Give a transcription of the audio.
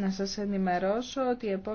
Να σας ενημερώσω ότι η επόμενη